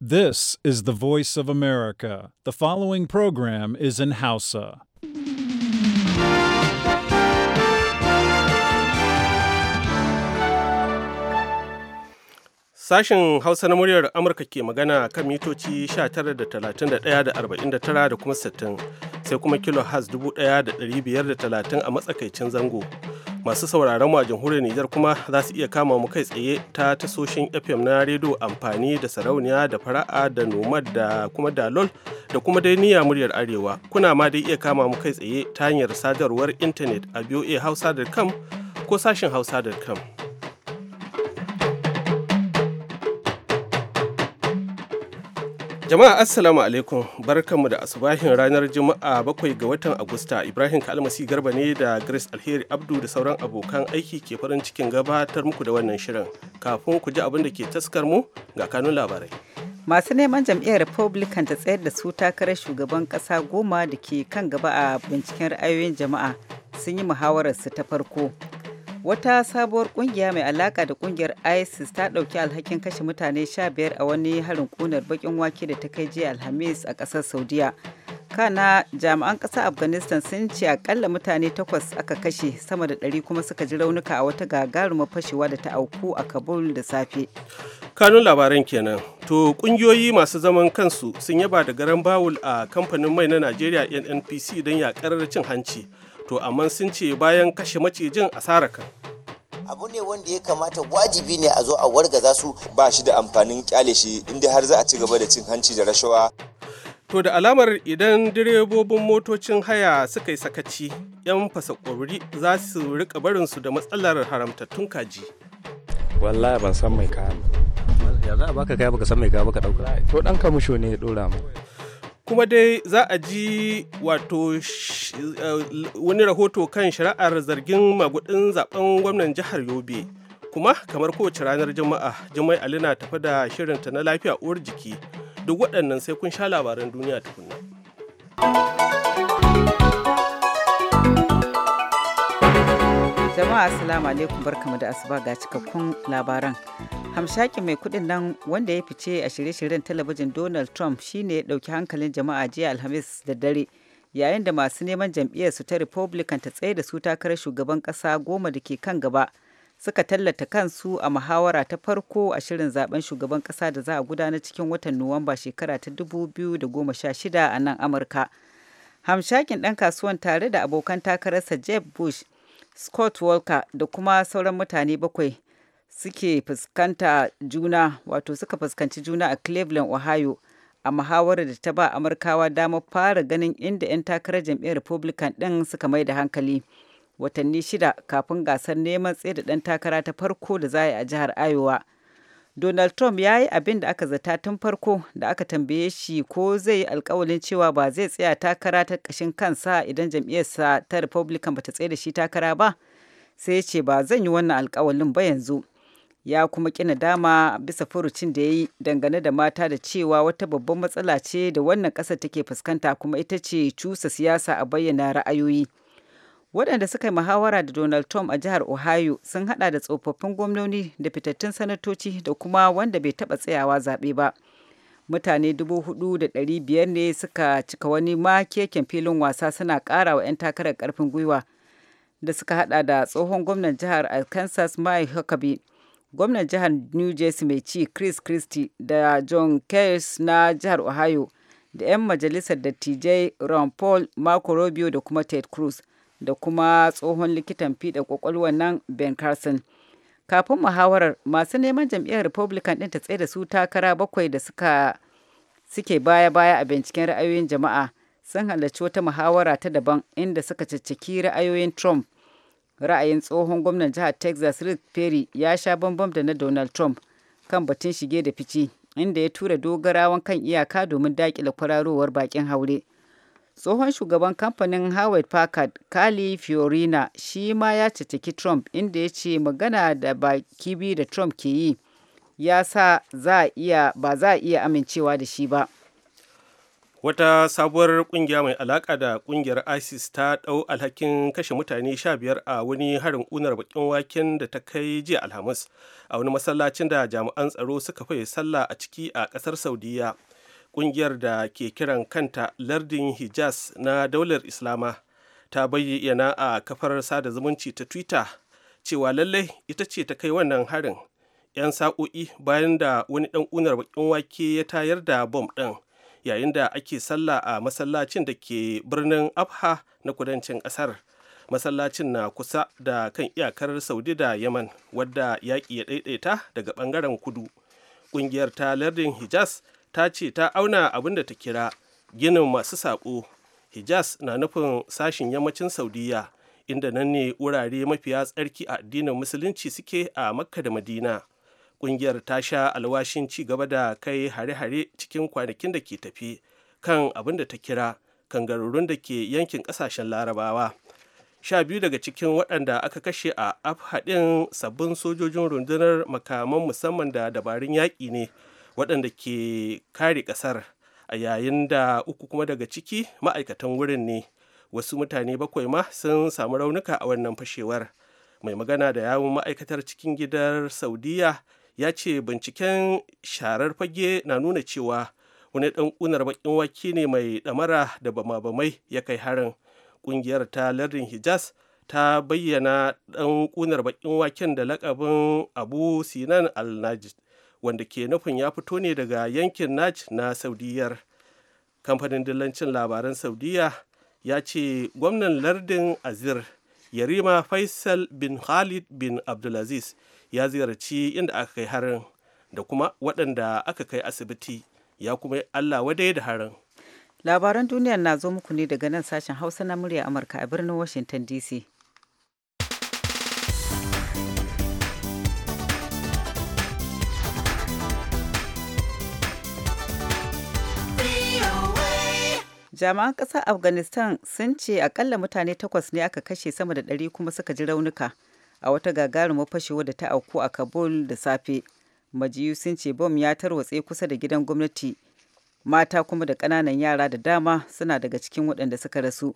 This is the voice of America. The following program is in Hausa. Sashen Hausa na muryar Amurka ke magana kan mitoci 19.31.49 da kuma 60 sai kuma kilo has 1530 a matsakaicin zango. masu sauraron wajen jamhuriyar Nijar kuma za su iya kama mu kai tsaye ta tasoshin FM na rediyo amfani da sarauniya da fara'a da nomad da kuma dalol da kuma dai niyya muryar arewa kuna ma dai iya kama mu kai tsaye ta hanyar sadarwar intanet a voahausa.com ko sashin hausa.com Jama'a Assalamu alaikum barkanmu da asubahin ranar Juma'a bakwai ga watan Agusta Ibrahim Kalmasi Garba ne da Grace Alheri Abdu da sauran abokan aiki ke farin cikin gabatar muku da wannan shirin kafin ku ji abin da ke taskar mu ga kanun labarai. Masu neman jam'iyyar Republican ta tsayar da su takarar shugaban kasa goma da ke kan gaba a binciken ra'ayoyin jama'a sun yi muhawarar su ta farko wata sabuwar kungiya mai alaka da kungiyar isis ta ɗauki alhakin kashe mutane 15 a wani harin kunar bakin wake da ta kai jiya alhamis a ƙasar saudiya kana jami'an ƙasar afghanistan sun ce akalla mutane takwas aka kashe sama da ɗari kuma suka ji raunuka a wata gagarumar fashewa da ta auku a kabul da safe kanun labaran kenan to kungiyoyi masu zaman kansu sun yaba da garan bawul a kamfanin mai na najeriya nnpc don yakar cin hanci to amma sun ce bayan kashe macijin asara kan abu ne wanda ya kamata wajibi ne a zo a wargaza su ba shi da amfanin kyale shi inda har za a ci gaba da cin hanci da rashawa To da alamar idan direbobin motocin haya suka yi sakaci, 'yan fasa fasakori za su rika barinsu da matsalar haramtattun kaji. Wallahi ban san mai kayan. Ya za a baka kai baka san mai kaya baka dauka. To dan kamusho ne ya dora mu. kuma dai za a ji wato eh, wani rahoto kan shari'ar zargin magudin zaben gwamnan jihar yobe kuma kamar kowace ranar juma'a jimai ali na tafi da shirinta na lafiya uwar jiki duk waɗannan sai kun sha labaran duniya ta kunna jama'a asalamu alaikum barkamu da asuba ga cikakkun labaran hamshakin mai kudin nan wanda ya fice a shirye-shiryen talabijin donald trump shine ya dauki hankalin jama'a jiya alhamis da dare yayin da masu neman jam'iyyarsu ta republican ta tsaye da su takarar shugaban kasa goma da ke kan gaba suka tallata kansu a muhawara ta farko a shirin zaben shugaban kasa da za a gudana cikin watan nuwamba shekara ta 2016 a nan amurka hamshakin dan kasuwan tare da abokan takararsa jeb bush scott walker da kuma sauran mutane bakwai suke fuskanta juna wato suka fuskanci juna a cleveland ohio a muhawarar da ta ba amurkawa damar fara ganin inda 'yan takarar jam'iyyar republican ɗin suka mai da hankali watanni shida kafin gasar neman tsaye da ɗan takara ta farko da za a jihar iowa donald trump ya yi abin da aka zata tun farko da aka tambaye shi ko zai yi alkawalin cewa ba zai tsaya takara ta ƙashin kansa idan jam'iyyarsa ta republican ba ta tsaye da shi takara ba sai ya ce ba zan yi wannan alkawalin ba yanzu ya kuma kina dama bisa furucin da ya yi dangane da mata da cewa wata babban matsala ce da wannan ƙasa take fuskanta kuma ita ce cusa siyasa a bayyana ra'ayoyi waɗanda suka yi muhawara da donald trump a jihar ohio sun haɗa da tsofaffin gwamnoni da fitattun sanatoci da kuma wanda bai taɓa tsayawa zaɓe ba mutane dubu hudu da ɗari biyar ne suka cika wani makeken filin wasa suna ƙara wa 'yan takarar ƙarfin gwiwa da suka haɗa da tsohon gwamnan jihar arkansas mike huckabee gwamnan jihar new jersey mai ci chris christie da john kers na jihar ohio da 'yan majalisar dattijai ron paul marco rubio da kuma ted cruz da kuma tsohon likitan fiɗa kwakwalwa nan ben carson kafin muhawarar masu neman jam'iyyar republican ɗin ta tsaye da su takara bakwai da suka suke baya-baya a binciken ra'ayoyin jama'a sun halarci wata muhawara ta daban inda suka cicciki ra'ayoyin trump ra'ayin tsohon gwamnan jihar texas rick perry ya sha bambam da na donald trump kan batun shige da fice inda ya tura dogarawan kan iyaka domin dakile kwararowar bakin haure tsohon shugaban kamfanin howard packard kali fiorina shi ma ya cataki trump inda ya ce magana da baki biyu da trump ke yi ya sa ba za a iya amincewa da shi ba wata sabuwar kungiya mai alaka da kungiyar isis ta ɗau alhakin kashe mutane sha biyar a wani harin unar bakin waken da ta kai jiya alhamis a wani masallacin da jami'an tsaro suka faye sallah a ciki a ƙasar saudiya kungiyar da ke kiran kanta lardin hijaz na daular islama ta bayyana a kafar sada zumunci ta twitter cewa lallai ita ce ta kai wannan harin 'yan sa'o'i bayan da wani dan unar bakin wake ya tayar da bom ɗin yayin da ake sallah a masallacin da ke birnin abha na kudancin ƙasar masallacin na kusa da kan iyakar saudi da yaman wadda yaƙi ya ɗaiɗaita daga ɓangaren kudu ƙungiyar ta lardin hijaz ta ce ta auna abin da ta kira ginin masu saƙo hijaz na nufin sashen yammacin saudiya inda nan ne wurare mafiya tsarki a addinin musulunci suke a makka da madina kungiyar ta sha alwashin ci gaba da kai hare-hare cikin kwanakin da ke tafi kan abin da ta kira kangarurun da ke yankin kasashen larabawa sha biyu daga cikin waɗanda aka kashe a afhaɗin sabbin sojojin rundunar makaman musamman da dabarun yaƙi ne waɗanda ke kare ƙasar a yayin da uku kuma daga ciki ma'aikatan wurin ne wasu mutane bakwai ma sun samu raunuka a wannan fashewar mai magana da yawun ma'aikatar cikin gidan saudiya ya ce binciken sharar fage na nuna cewa wani ɗan ƙunar baƙin wake ne mai ɗamara da bama-bamai ya kai harin ƙungiyar ta lardin hijaz ta bayyana ɗan ƙunar baƙin waken da lakabin abu sinan al-najid wanda ke nufin ya fito ne daga yankin naj na saudiyar kamfanin dillancin labaran saudiya ya ce gwamnan lardin azir yarima faisal bin khalid bin abdulaziz ya ziyarci inda aka kai harin da kuma waɗanda aka kai asibiti ya kuma allah wadai da harin labaran duniya na zo muku ne daga nan sashen hausa na murya amurka a birnin washington dc Jama'an ƙasar afghanistan sun ce akalla mutane takwas ne aka kashe sama da ɗari kuma suka ji raunuka a wata gagarumar fashewa da ta auku a kabul da safe majiyu sun ce bom ya tarwatse kusa da gidan gwamnati mata kuma da ƙananan yara da dama suna daga cikin waɗanda suka rasu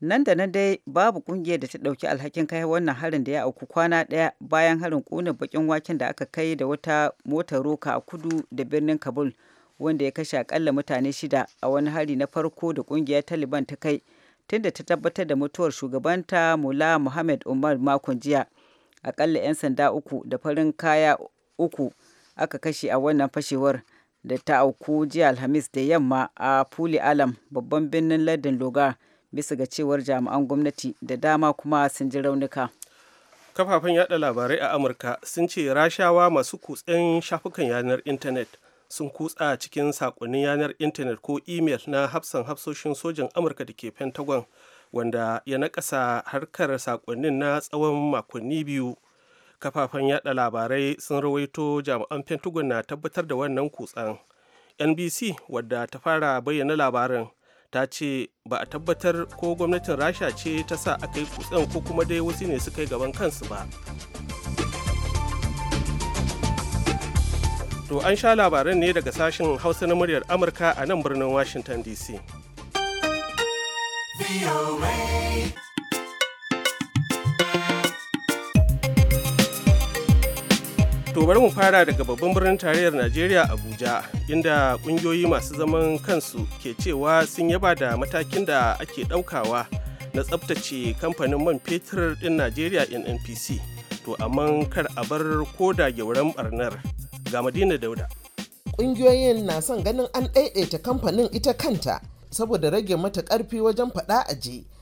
nan da nan dai babu ƙungiyar da ta ɗauki alhakin kai wannan harin da ya auku kwana ɗaya bayan harin ƙuna bakin waken da aka kai da wata motar roka a kudu da birnin kabul wanda ya kashe aƙalla mutane shida a wani hari na farko da ƙungiyar taliban ta kai tunda ta tabbatar da mutuwar shugabanta Mula Muhammad Umar makon jiya. Akalla 'yan sanda uku da farin kaya uku aka kashe a wannan fashewar da ta auku jiya Alhamis da yamma a Puli Alam babban birnin lardin loga bisa ga cewar jami'an gwamnati da dama kuma sun ji raunuka. Kafafen yada labarai a Amurka sun ce rashawa masu kutsen shafukan yanar intanet sun kutsa cikin sakonnin yanar intanet ko imel na hafsan hafsoshin sojin amurka da ke pentagon wanda ya nakasa harkar sakonnin na tsawon makonni biyu kafafen yada labarai sun rawaito jami'an pentagon na tabbatar da wannan kutsan nbc wadda ta fara bayyana labarin ta ce ba a tabbatar ko gwamnatin rasha ce ta sa aka yi kutsen ko kuma dai wasu ne suka yi gaban kansu ba To an sha labaran ne daga sashen Hausa na muryar Amurka a nan birnin Washington DC. To bari mu fara daga babban birnin tarayyar Najeriya Abuja inda kungiyoyi masu zaman kansu ke cewa sun yaba da matakin da ake daukawa na tsabtace kamfanin man fetur din Najeriya NNPC. To amma kar a bar ko da gyauran barnar ga madina dauda ƙungiyoyin na son ganin an ɗaiɗaita kamfanin ita kanta saboda rage mata ƙarfi wajen faɗa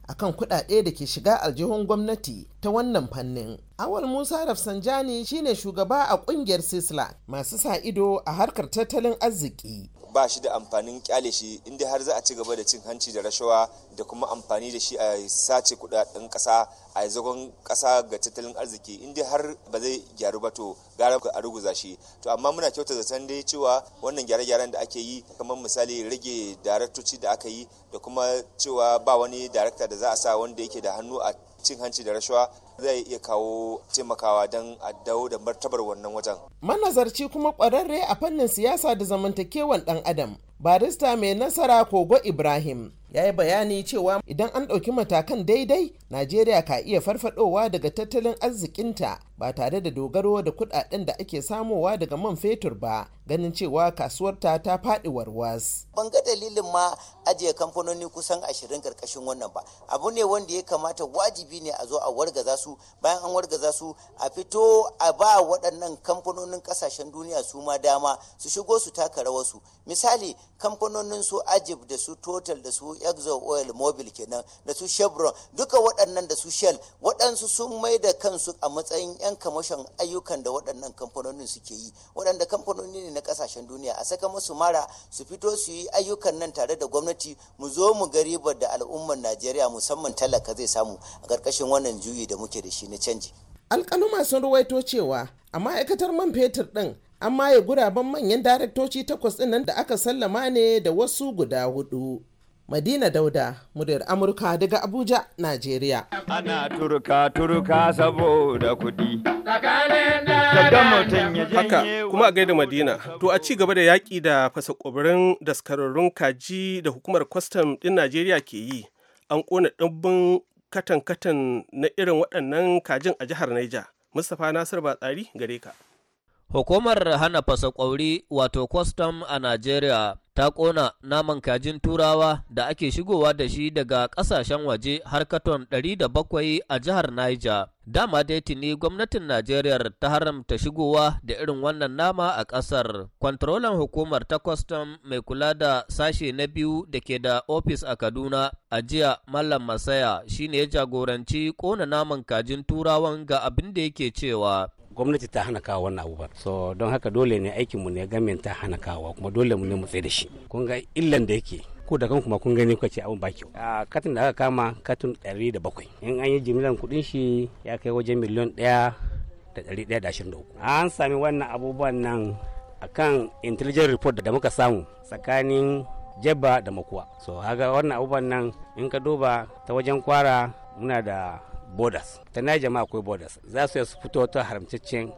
a kan kuɗaɗe da ke shiga aljihun gwamnati ta wannan fannin. Awal Musa Rafsanjani shine shugaba a ƙungiyar Sisla masu sa ido a harkar tattalin arziki. ba shi da amfanin kyale shi inda har za a ci gaba da cin hanci da rashawa da kuma amfani da shi a sace kudaden kasa a zagon kasa ga tattalin arziki inda har ba zai gyaru ba to gara a ruguza shi to amma muna kyauta zaton dai cewa wannan gyare-gyaren da ake yi kamar misali rage daraktoci da aka yi da kuma cewa ba wani darakta da za a sa wanda yake da hannu a cin hanci da rashawa zai iya kawo taimakawa don a dawo da martabar wannan wajen. Manazarci kuma kwararre a fannin siyasa da zamantakewan ɗan adam barista mai nasara kogo Ibrahim ya yi bayani cewa idan an ɗauki matakan daidai Najeriya ka iya farfadowa daga tattalin arzikinta ba tare da dogaro da kuɗaɗen da ake samowa daga man fetur ba ganin cewa kasuwarta ta faɗi warwas. Ban ga dalilin ma ajiye kamfanoni kusan ashirin ƙarƙashin wannan ba abu ne wanda ya kamata wajibi ne a zo a wargaza su bayan an wargaza su a fito a ba waɗannan kamfanonin ƙasashen duniya su ma dama su shigo su taka rawarsu misali kamfanonin su ajib da su total da su exxon oil mobil kenan da su chevron duka waɗannan da su shell waɗansu sun mai da kansu a matsayin 'yan kamashin ayyukan da waɗannan kamfanonin suke yi waɗanda kamfanoni ne na ƙasashen duniya a saka musu mara su fito su yi ayyukan nan tare da gwamnati mu zo mu ga ribar da al'ummar najeriya musamman talaka zai samu a ƙarƙashin wannan juyi da muke muke da shi na canji alkaluma sun ruwaito cewa a ma'aikatar man fetur ɗin an maye guraben manyan daraktoci takwas ɗin nan da aka sallama ne da wasu guda hudu Madina Dauda, muryar Amurka daga Abuja, Najeriya. Ana turka turka saboda kuɗi. Haka kuma a gaida Madina, to a ci gaba da yaƙi da fasa ƙwabarin daskararrun kaji da hukumar kwastam ɗin Najeriya ke yi, an ƙona ɗumbin katan-katan na irin waɗannan kajin a jihar Niger. Mustapha Nasir Batsari gare ka. Hukumar hana fasa kwauri wato kwastam a Najeriya ta ƙona naman kajin turawa da ake shigowa da shi daga ƙasashen waje har katon 700 a jihar Niger. Dama dai tuni gwamnatin Najeriya ta haramta shigowa da irin wannan nama a ƙasar. Kwantrolan hukumar ta kwastam mai kula da sashe na biyu da ke da ofis a Kaduna a jiya Mallam Masaya shine ya jagoranci ƙona naman kajin turawan ga abin da yake cewa. gwamnati ta hana kawo wannan abu ba so don haka dole ne aikin mu ne gamin ta hana kawo kuma dole mu ne mu tsaye da shi kun ga illan da yake ko da kanku ma kun gani kuka ce abun ba kyau a katin da aka kama katin 107 in an yi jimlan kudin shi ya kai wajen miliyan 1 da 123 an sami wannan abubuwan nan akan intelligent report da muka samu tsakanin jabba da makuwa so haga wannan abubuwan nan in ka duba ta wajen kwara muna da borders ta na jama'a akwai borders za su su fito ta haramtaccen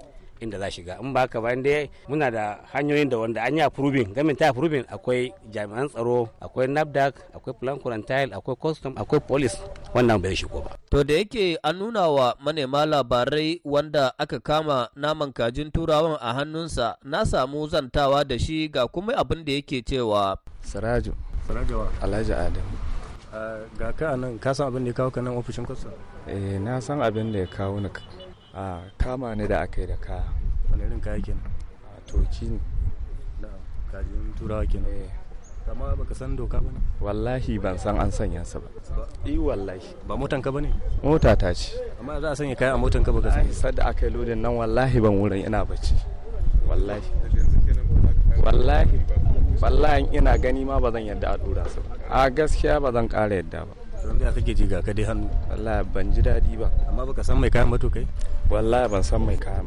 inda za shiga in ba haka ba inda muna da hanyoyin da wanda an yi approving gamin ta approving akwai jami'an tsaro akwai nafdac akwai plan quarantine akwai custom akwai police wannan bai shigo ba to da yake an nuna wa manema labarai wanda aka kama naman kajin turawan a hannunsa na samu zantawa da shi ga kuma abin da yake cewa sarajo sarajo alhaji adamu ga ka nan ka san abin da ya kawo ka nan ofishin kwasa eh na san abin da ya kawo ni a kama ni da aka yi da ka wani irin kaya ne a toki ne da kajin turawa kenan ne eh. amma baka san doka ba wallahi ban san an sanya sa ba eh wallahi ba motan ka bane mota ta ce amma za a sanya kaya a motan ka baka sani sadda aka yi lodin nan wallahi ban wurin ina bacci wallahi wallahi wallahi ina gani ma ba zan yadda a dora su a gaskiya ba zan kara yadda ba don da kake ji ga ka dai hannu wallahi ban ji daɗi ba amma baka san mai kayan mato kai wallahi ban san mai kayan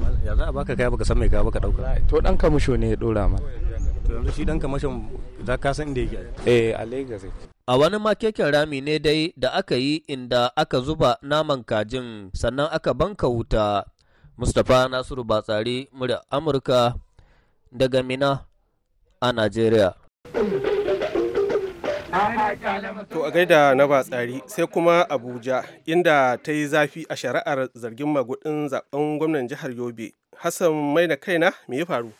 ba ya za a baka kaya baka san mai kaya baka dauka to dan musho ne ya dora ma to yanzu shi dan kamashon za ka san inda yake eh a Lagos a wani makeken rami ne dai da aka yi inda aka zuba naman kajin sannan aka banka wuta Mustapha Nasiru Batsari, murya Amurka daga Mina a Najeriya. To a gaida na ba tsari sai kuma Abuja inda ta yi zafi a shari'ar zargin magudin zaben gwamnan jihar Yobe. Hassan mai na kaina me ya faru?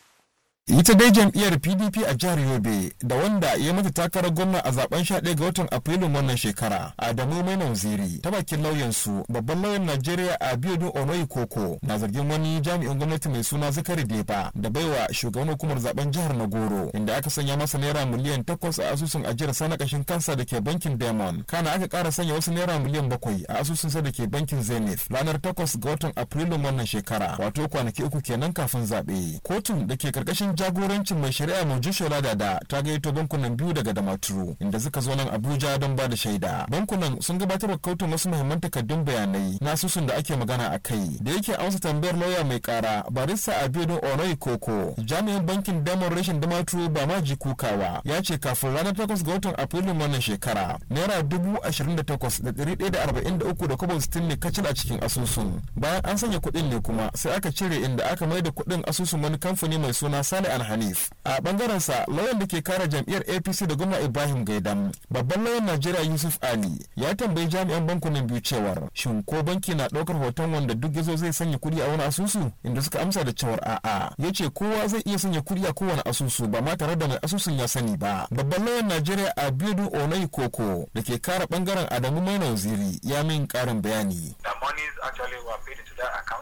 ita dai jam'iyyar pdp a jihar yobe da wanda ya mata takarar gwamna a zaben ɗaya ga watan afrilun wannan shekara adamu mai ziri ta bakin lauyansu babban lauyan najeriya a biyodun onoyi koko na zargin wani jami'in gwamnati mai suna zakari deba da baiwa shugaban hukumar zaben jihar nagoro inda aka sanya masa naira miliyan takwas a asusun ajiyar sana kashin kansa da ke bankin diamond kana aka kara sanya wasu naira miliyan bakwai a asusun sa da ke bankin zenith ranar takwas ga watan afrilun wannan shekara wato kwanaki uku kenan kafin zaɓe kotun da ke karkashin jagorancin mai shari'a mai jushola da ta gaito bankunan biyu daga damaturu inda suka zo nan abuja don ba da shaida bankunan sun gabatar da kautun wasu muhimman takardun bayanai na susun da ake magana a kai da yake amsa tambayar lauya mai kara barista abedin onoi koko jami'in bankin damar rashin damaturu ba ma ji kukawa ya ce kafin ranar takwas ga watan afrilun wannan shekara naira dubu ashirin da takwas da ɗari ɗaya da arba'in da uku da kwabo sittin ne kacal a cikin asusun bayan an sanya kuɗin ne kuma sai aka cire inda aka mai da kuɗin asusun wani kamfani mai suna sana Sale Alhanif. A bangaren sa lauyan da ke kare jam'iyyar APC da gwamna Ibrahim Gaidam babban lauyan Najeriya Yusuf Ali ya tambayi jami'an bankunan biyu cewar shin ko banki na ɗaukar hoton wanda duk yazo zai sanya kuɗi a wani asusu inda suka amsa da cewar a'a ya ce kowa zai iya sanya kuɗi a kowane asusu ba ma tare da mai asusun ya sani ba. Babban lauyan Najeriya Abiodun Onayi Koko da ke kare bangaren Adamu Maina Waziri ya min ƙarin bayani.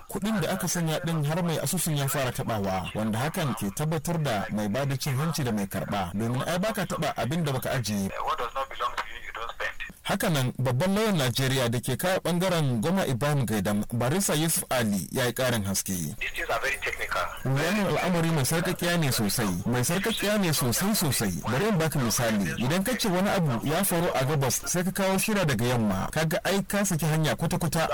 kuɗin da aka sanya ɗin har mai asusun ya fara taɓawa wanda hakan ke tabbatar da mai bada cin hanci da mai karɓa domin ai baka taɓa abin da baka ajiye eh, hakanan babban lauyan najeriya da ke kaya bangaren goma ibrahim gaidam barisa yusuf ali ya yi karin haske wannan al'amari mai sarkakiya ne sosai mai sarkakiya ne sosai sosai bari in baka misali idan ka ce wani abu ya faru a gabas sai ka kawo shira daga yamma kaga ai ka saki hanya kwata-kwata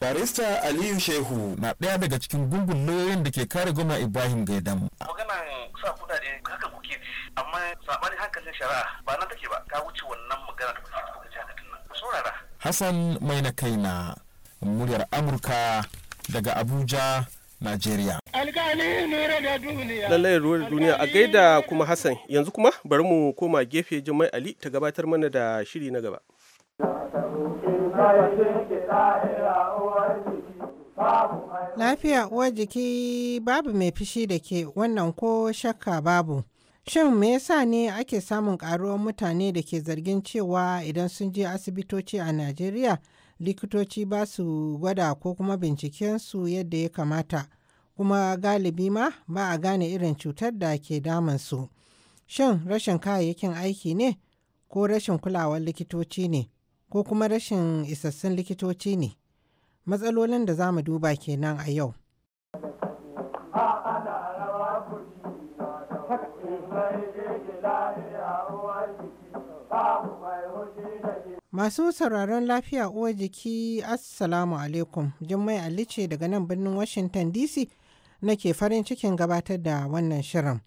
barista aliyu shehu na ɗaya daga cikin gungun lauyoyin da ke kare goma ibrahim gaidam amma sabani hankalin shari'a ba nan take ba ta wuce wannan magana da kuka kuka nan saurara Hassan mai na kaina muryar Amurka daga Abuja Najeriya. duniya. Lallai ruwar duniya a gaida kuma Hassan yanzu kuma bari mu koma gefe Jummai Ali ta gabatar mana da shiri na gaba. Lafiya uwar jiki babu mai fishi da ke wannan ko shakka babu. Shin me yasa ne ake samun ƙaruwar mutane da ke zargin cewa idan sun je asibitoci a Najeriya likitoci ba su gwada ko kuma binciken su yadda ya kamata kuma galibi ma ba a gane irin cutar da ke su? Shin rashin kayayyakin aiki ne ko rashin kulawar likitoci ne ko kuma rashin isassun likitoci ne? Matsalolin da za mu duba kenan a yau. Masu sauraron lafiya uwa jiki Assalamu alaikum Jummai alli ce daga nan birnin Washington DC nake farin cikin gabatar da wannan shirin.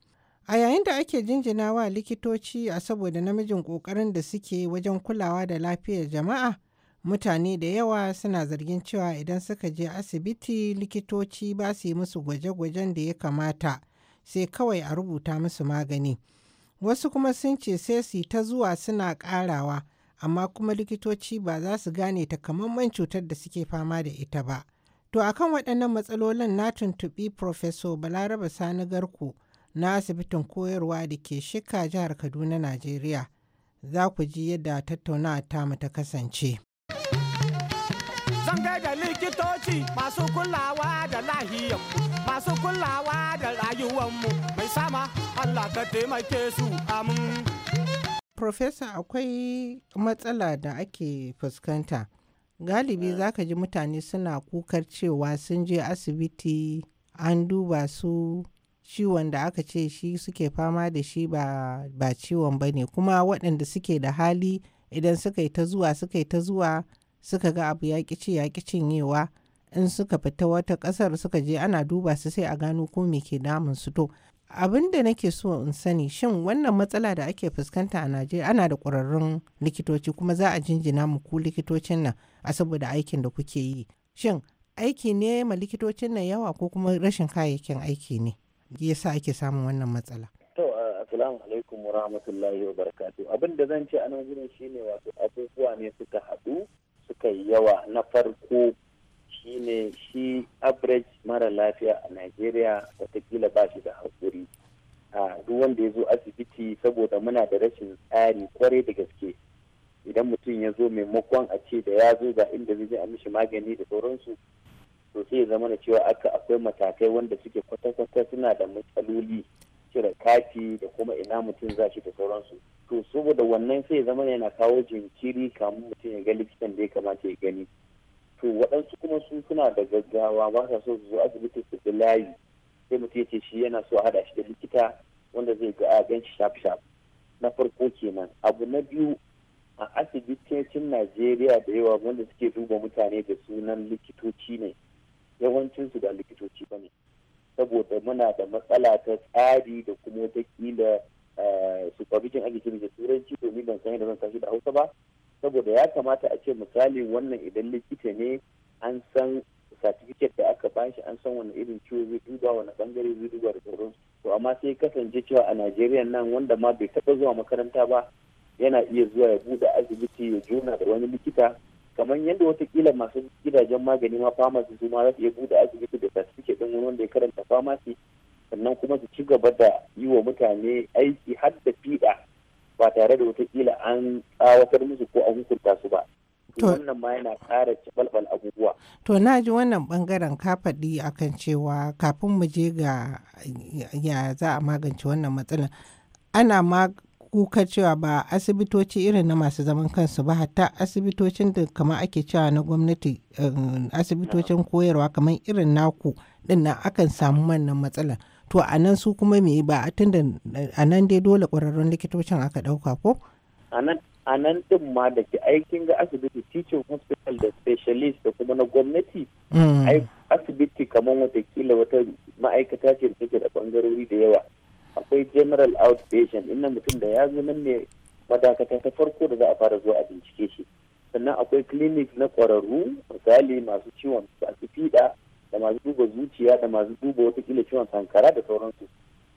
A yayin da ake jinjina wa likitoci a saboda namijin ƙoƙarin da suke wajen kulawa da lafiyar jama'a, mutane da yawa suna zargin cewa idan suka je asibiti likitoci ba su yi musu gwaje-gwajen da ya kamata sai kawai a rubuta musu magani. wasu kuma sun ce sai su ta zuwa suna ƙarawa amma kuma likitoci ba za su gane takamaiman cutar da suke fama da ita ba to akan waɗannan matsalolin na tuntuɓi professor balaraba sani Garku na asibitin koyarwa da ke shika jihar kaduna najeriya za ku ji yadda tattaunawa mu ta kasance ci masu kulawa da lahiyar masu kulawa da rayuwanmu mai sama Allah ka taimake su amin. Profesa akwai matsala da ake fuskanta. Galibi za ka ji mutane suna kukar cewa sun je asibiti an duba su ciwon da aka ce shi suke fama da shi ba, ba ciwon ba ne kuma waɗanda suke da hali idan suka yi ta zuwa suka yi ta zuwa suka ga abu ya ƙi ci ya ƙi cinyewa in suka fita wata kasar suka je ana duba su sai a gano ko me ke damun su to abin da nake so in sani shin wannan matsala da ake fuskanta a najeriya ana da kwararrun likitoci kuma za a jinjina mu ku likitocin nan a saboda aikin da kuke yi shin aiki ne ma likitocin nan yawa ko kuma rashin kayayyakin aiki ne yasa ake samun wannan matsala Assalamu alaikum wa rahmatullahi wa barakatuh. Abin zan ce a nan gurin shine wato abubuwa ne suka haɗu suka yi yawa na farko shine shi average mara lafiya a Najeriya watakila ba shi da haƙuri. Duk wanda ya zo asibiti saboda muna da rashin tsari kwarai da gaske. Idan mutum ya zo maimakon a ce da ya zo ga inda zai a mishi magani da sauransu. To sai ya zama da cewa aka akwai matakai wanda suke kwata-kwata suna da matsaloli cire kati da kuma ina mutum za shi da sauransu. To saboda wannan sai ya zama yana kawo jinkiri kamun mutum ya ga likitan da ya kamata ya gani. to waɗansu kuma su suna da gaggawa ba sa so su zo asibiti su ji layi sai mutum ya ce shi yana so a haɗa shi da likita wanda zai ga a shi shaf shaf na farko kenan abu na biyu a asibitocin najeriya da yawa wanda suke duba mutane da sunan likitoci ne yawancinsu da likitoci ba ne saboda muna da matsala ta tsari da kuma kila eh, supervision ake kiri da turanci domin ban san yadda zan kashi da hausa ba saboda ya kamata a ce misali wannan idan likita ne an san satifiket da aka bashi an san wani irin ciwo zai duba wani bangare zai duba da sauransu to amma sai kasance cewa a najeriya nan wanda ma bai taba zuwa makaranta ba yana iya zuwa ya bude asibiti ya juna da wani likita kamar yadda watakila masu gidajen magani ma famasi su ma za su iya bude asibiti da satifiket din wani wanda ya karanta famasi sannan kuma su ci gaba da yi wa mutane aiki har da fiɗa ba tare da wataƙila an tsawatar musu ko an hukunta su ba wannan ma yana ƙara balbal abubuwa to na ji wannan bangaren ka faɗi akan cewa kafin mu je ga ya za a magance wannan matsalar ana ma kuka cewa ba asibitoci irin na masu zaman kansu ba hatta asibitocin da kama ake cewa na gwamnati um, asibitocin koyarwa kamar irin naku din akan samu wannan matsalar to a nan su kuma me ba a tunda a nan dai dole ƙwararrun likitocin aka ɗauka ko? a nan ɗin ma da ke aikin ga asibiti teaching hospital da specialist da kuma na gwamnati mm. asibiti kamar watakila wata ma'aikata ce da take da bangarori da yawa akwai general outpatient inda mutum da ya zo nan ne madakata ta farko da za a fara zuwa a bincike shi sannan akwai clinic na ƙwararru misali masu ciwon masu fiɗa da masu duba zuciya da masu duba watakila ciwon sankara da sauransu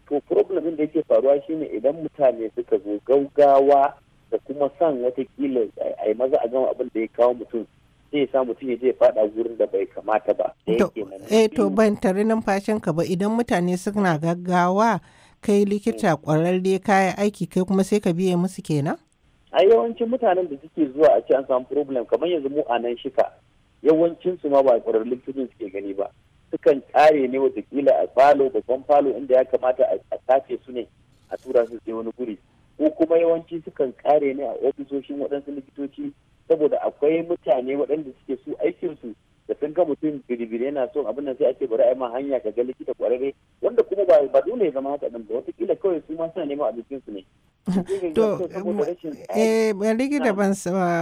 to problemin da yake faruwa shine idan mutane suka zo gaugawa da kuma san watakila a maza a gama abin da ya kawo mutum ya sa mutum ya je faɗa gurin da bai kamata ba. Eh to ban tare ka ba idan mutane suna gaggawa kai likita kwararre kayan aiki kai kuma sai ka biye musu kenan? A yawancin mutanen da suke zuwa a ce an samu problem kamar yanzu mu a nan shika yawancinsu ma ba ƙwararrun filin suke gani ba sukan kare ne watakila a falo babban falo inda ya kamata a sace su ne a tura su sai wani guri ko kuma yawanci sukan kare ne a ofisoshin waɗansu likitoci saboda akwai mutane waɗanda suke su aikinsu da sun ga mutum biribiri yana son abin nan sai ake bari a ma hanya ka ga likita kwararre wanda kuma ba dole ya zama haka ɗin ba wataƙila kawai su ma suna neman abincinsu ne to eh, eh likita ban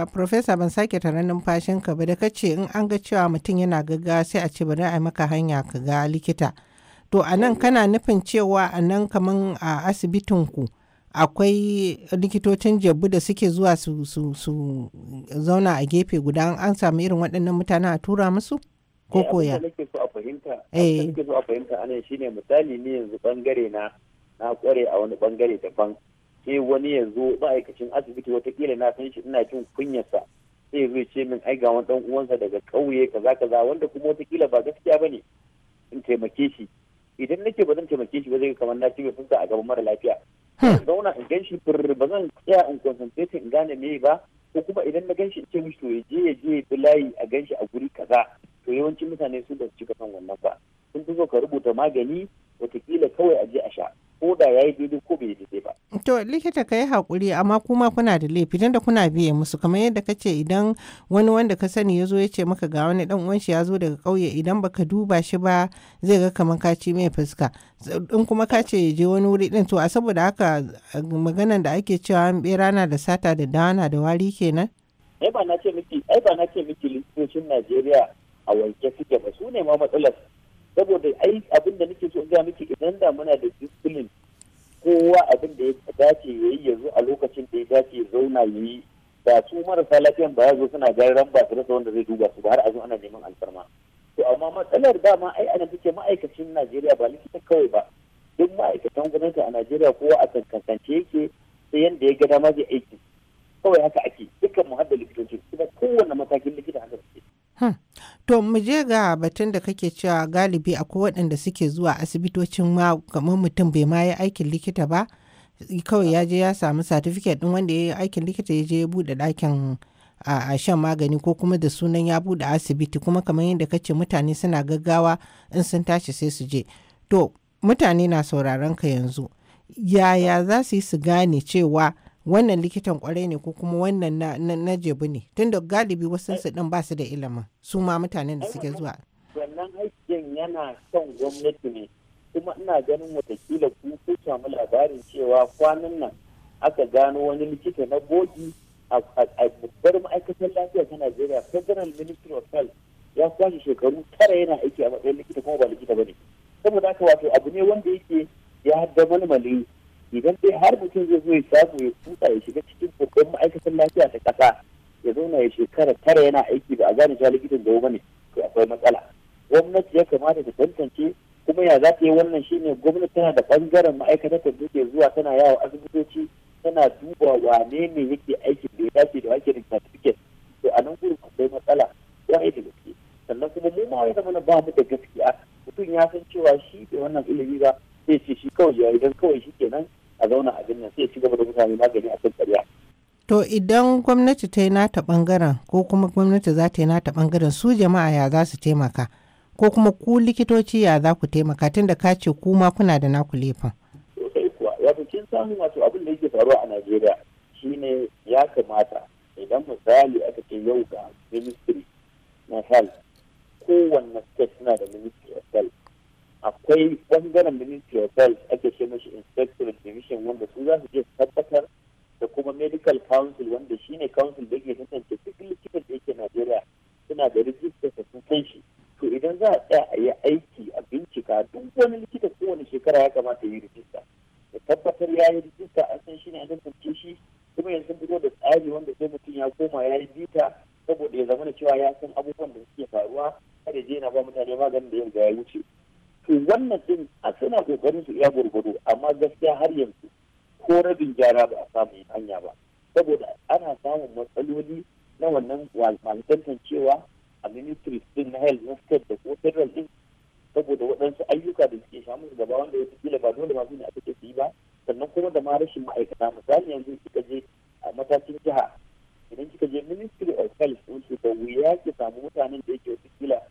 professor ban sake taron numfashin ka ba da kace in an ga cewa mutum yana gaga sai a ce bari a maka hanya ka ga likita to a nan mm. kana nufin cewa a nan kaman a asibitin ku akwai likitocin jabu da suke zuwa su su zauna a gefe guda an samu irin waɗannan mutane a tura musu ko eh, koya nake so a fahimta eh. nake so a fahimta anan shine misali ne yanzu bangare na na kware a wani bangare daban sai wani ya zo ma'aikacin asibiti watakila na san shi ina jin kunyarsa sai zai ce min ai ga wani dan uwansa daga kauye kaza kaza wanda kuma watakila ba gaskiya bane in taimake shi idan nake ba zan taimake shi ba zai kamar na cibe fuska a gaban mara lafiya hmm. zauna in gan shi fir ba zan tsaya in concentrate in gane me ba ko kuma idan na gan shi ce mishi to ya je ya je bi layi a gan shi a guri kaza to yawancin mutane su ba su cika son wannan ba sun fi so ka rubuta magani watakila kawai a je a sha ko da ya yi daidai ko bai daidai ba. To likita ka yi haƙuri amma kuma kuna da laifi tunda kuna biye musu kamar yadda ka ce idan wani wanda ka sani ya zo ya ce maka ga wani dan uwanshi ya zo daga ƙauye idan baka duba shi ba zai ga kamar ka ci mai fuska in kuma ka ce ya je wani wuri din to a saboda haka maganan da ake cewa an bera na da sata da dawana da wari kenan. Ai ba na ce miki ai ba na ce miki likitocin Najeriya a wanke suke ba su ne ma matsalar saboda ai abin da nake so in ga miki idan da muna da discipline kowa abin da ya dace ya yi yanzu a lokacin da ya dace ya zauna ya yi da su marasa lafiyan ba ya zo suna gairan ba su rasa wanda zai duba su ba har a zo ana neman alfarma to amma matsalar dama ai ana take ma'aikacin Najeriya ba likita kawai ba duk ma'aikatan gwamnati a Najeriya kowa a kankance yake sai yanda ya ga dama zai aiki kawai haka ake To mu je ga batun da kake cewa galibi akwai waɗanda suke zuwa asibitocin ma kamar mutum bai ma yi aikin likita ba kawai ya je ya samu satifiket ɗin wanda ya yi aikin likita ya je ya buɗe ɗakin a shan magani ko kuma da sunan ya buɗe asibiti kuma kamar yadda kace mutane suna gaggawa in sun tashi sai su je. To mutane na sauraron ka yanzu. Yaya za su yi su gane cewa wannan likitan kwarai ne ko kuma wannan na, na, na jebu ne tunda galibi wasu su din ba su da ilimin su ma mutanen da suke zuwa wannan aikin yana son gwamnati ne kuma ina ganin watakila ku ku samu labarin cewa kwanan nan aka gano wani likita na bogi a babbar ma'aikatar lafiya ta Najeriya Federal Ministry of Health ya kwashe shekaru tara yana aiki a matsayin likita kuma ba likita ba ne saboda haka wato abu ne wanda yake ya haddaba malmali idan dai har mutum zai zo ya samu ya kusa ya shiga cikin babban ma'aikatan lafiya ta ƙasa ya zauna ya shekara tara yana aiki ba a gane cewa likitan da ba to akwai matsala gwamnati ya kamata ta tantance kuma ya za ta yi wannan shine gwamnati tana da bangaren ma'aikatar da ke zuwa tana yawo asibitoci tana duba wane ne yake aiki da ya dace da wake da certificate to a nan gurin akwai matsala wani da gaske sannan kuma mu ma wani mana ba mu da gaskiya mutum ya san cewa shi da wannan ilimi ba zai ce shi kawai ya idan kawai shi kenan a zauna a nan sai ci gaba da mutane magani a kan karya. To idan gwamnati ta yi nata bangaren ko kuma gwamnati za ta yi nata bangaren su jama'a ya za su taimaka ko kuma ku likitoci ya za ku taimaka tun da ka ce ku ma kuna da naku laifin. Sosai wato kin samu wato abin da yake faruwa a Najeriya shine ya kamata albashin ma'aikata misali yanzu kika je a matakin jiha idan kika je ministry of health wuce ba wuya ki samu mutanen da yake wasu kila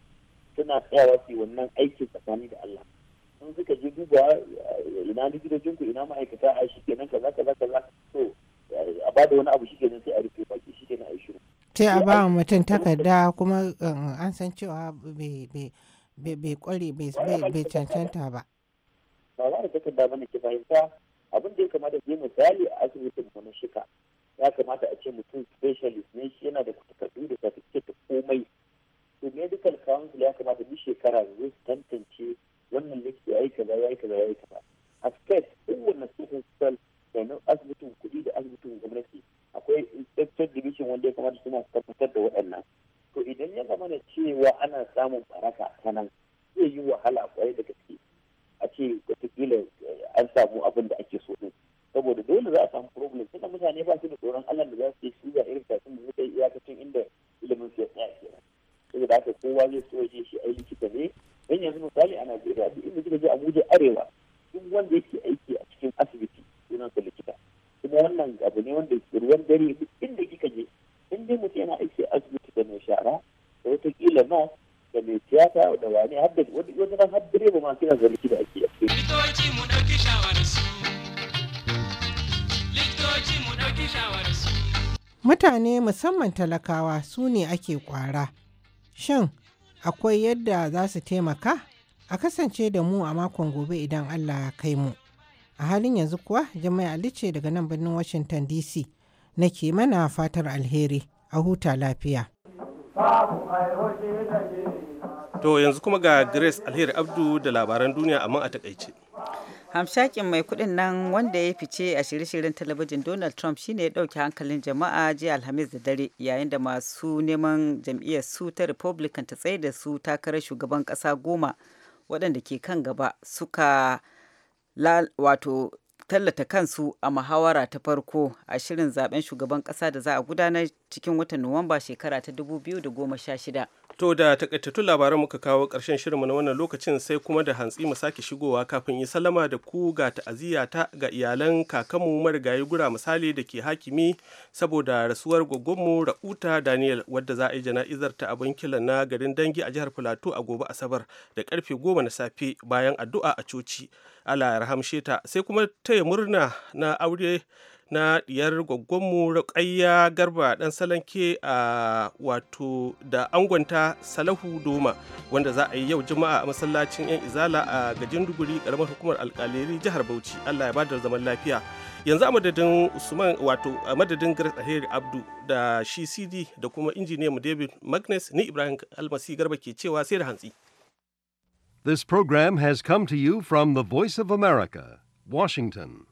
suna tsayawa su wannan aikin tsakani da Allah sun suka je duba eh, ina likitocin ku ina ma'aikata a shi kenan kaza kaza kaza to eh, a da wani abu shi kenan sai a rufe baki shi kenan a yi shiru sai a ba mutum takarda kuma um, an san cewa bai kware bai cancanta ba. Ba za a takarda ba ne ki fahimta abin da ya kamata zai misali a asibitin mu na shika ya kamata a ce mutum specialist ne shi yana da takardu da certificate da komai to medical council ya kamata bi shekara zai tantance wannan likita ya yi kaza ya yi kaza ya yi kaza a state kowane hospital da na asibitin kuɗi da asibitin gwamnati akwai inspector division wanda ya kamata suna tabbatar da waɗannan to idan ya zama da cewa ana samun baraka ta nan zai yi wahala kwarai da gaske a ce wataƙila eh, an samu abin da ake dole za a samu problem tunda mutane ba su da tsoron Allah da za su yi shirya irin kafin da suka yi iyakacin inda ilimin su ya tsaya sai saboda haka kowa zai so ya shi yi likita ne dan yanzu misali a Najeriya duk inda kika je Abuja Arewa duk wanda yake aiki a cikin asibiti sunan sa likita kuma wannan abu ne wanda ruwan dare duk inda kika je in dai mutum yana aiki a asibiti da mai shara da wata kila ma da mai tiyata da wani har da wani har direba ma kina zargi Mutane musamman talakawa su ne ake kwara. Shin akwai yadda za su taimaka? A kasance da mu a makon gobe idan Allah ya kai mu. A halin yanzu kuwa Jami'a alice daga nan birnin Washington DC nake mana fatar alheri a huta lafiya. To yanzu kuma ga Grace Alheri Abdu da labaran duniya amma a takaice. hamshakin mai kudin nan wanda ya fice a shirye-shiryen talabijin donald trump shine ya dauke hankalin jama'a jiya alhamis da dare yayin da masu neman jam'iyyar su ta republican ta tsaye da su takarar shugaban kasa goma waɗanda ke kan gaba suka wato tallata kansu a muhawara ta farko a shirin zaben shugaban kasa da za a gudanar cikin watan nuwamba shekara ta 2016 To da takaitattun labaran muka kawo ƙarshen shirinmu na wannan lokacin sai kuma da hantsi mu sake shigowa kafin yi salama da ku ga ta'aziyya ta ga iyalan kakanmu marigayi gura misali da ke hakimi saboda rasuwar gwaggonmu Ra'uta Daniel wadda za a yi jana'izar ta a bankilan na garin Dangi a jihar Filato a gobe Asabar da karfe goma na safe bayan addu'a a coci. Allah ya rahamshe ta sai kuma taya murna na aure na diyar gwaggonmu raƙayya Garba ɗan Salanke a wato da angonta Salahu Doma wanda za a yi yau Juma'a a masallacin 'yan Izala a gajin duguri ƙaramar hukumar alƙaleri jihar Bauchi. Allah ya ba da zaman lafiya. Yanzu a madadin Usman wato a madadin Grace Abdu da shi CD da kuma mu David Magnus ni Ibrahim Almasi Garba ke cewa sai da hantsi. This program has come to you from the Voice of America, Washington.